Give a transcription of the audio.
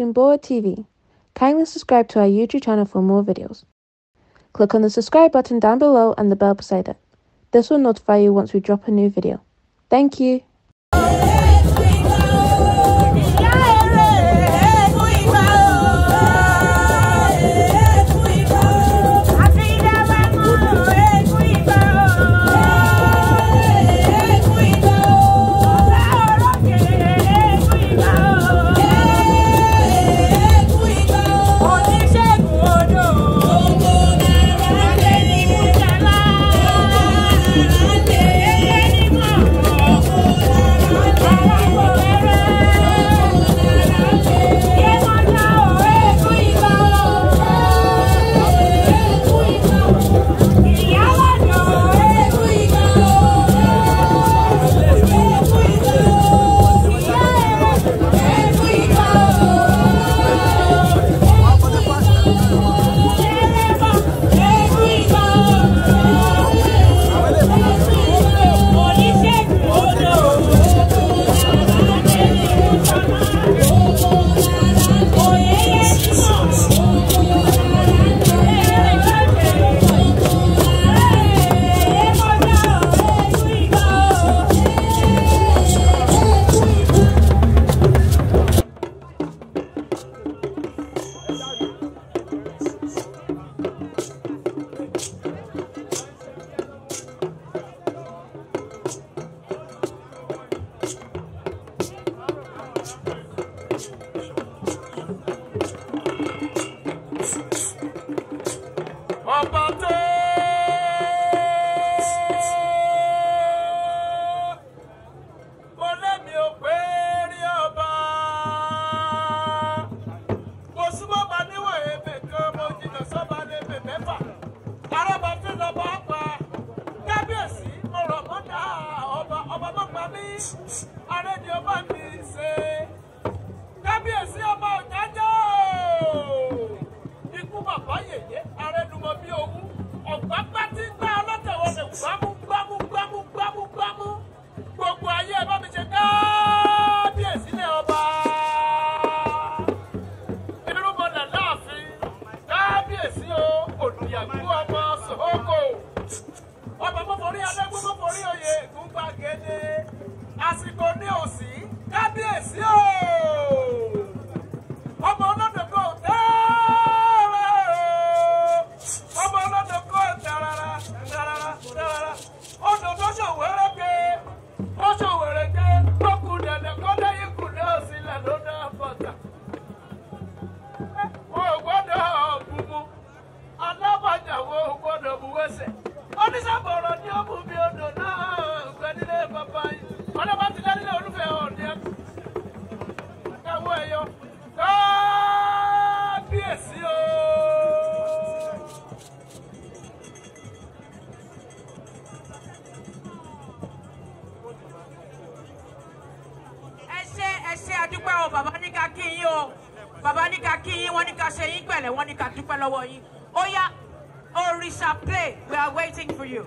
watching Boa TV. Kindly subscribe to our YouTube channel for more videos. Click on the subscribe button down below and the bell beside it. This will notify you once we drop a new video. Thank you! arédìó bá ń àsìkò ní òsì kábíyèsí o. lọ́wọ́ yín ó òrìṣà play we are waiting for you.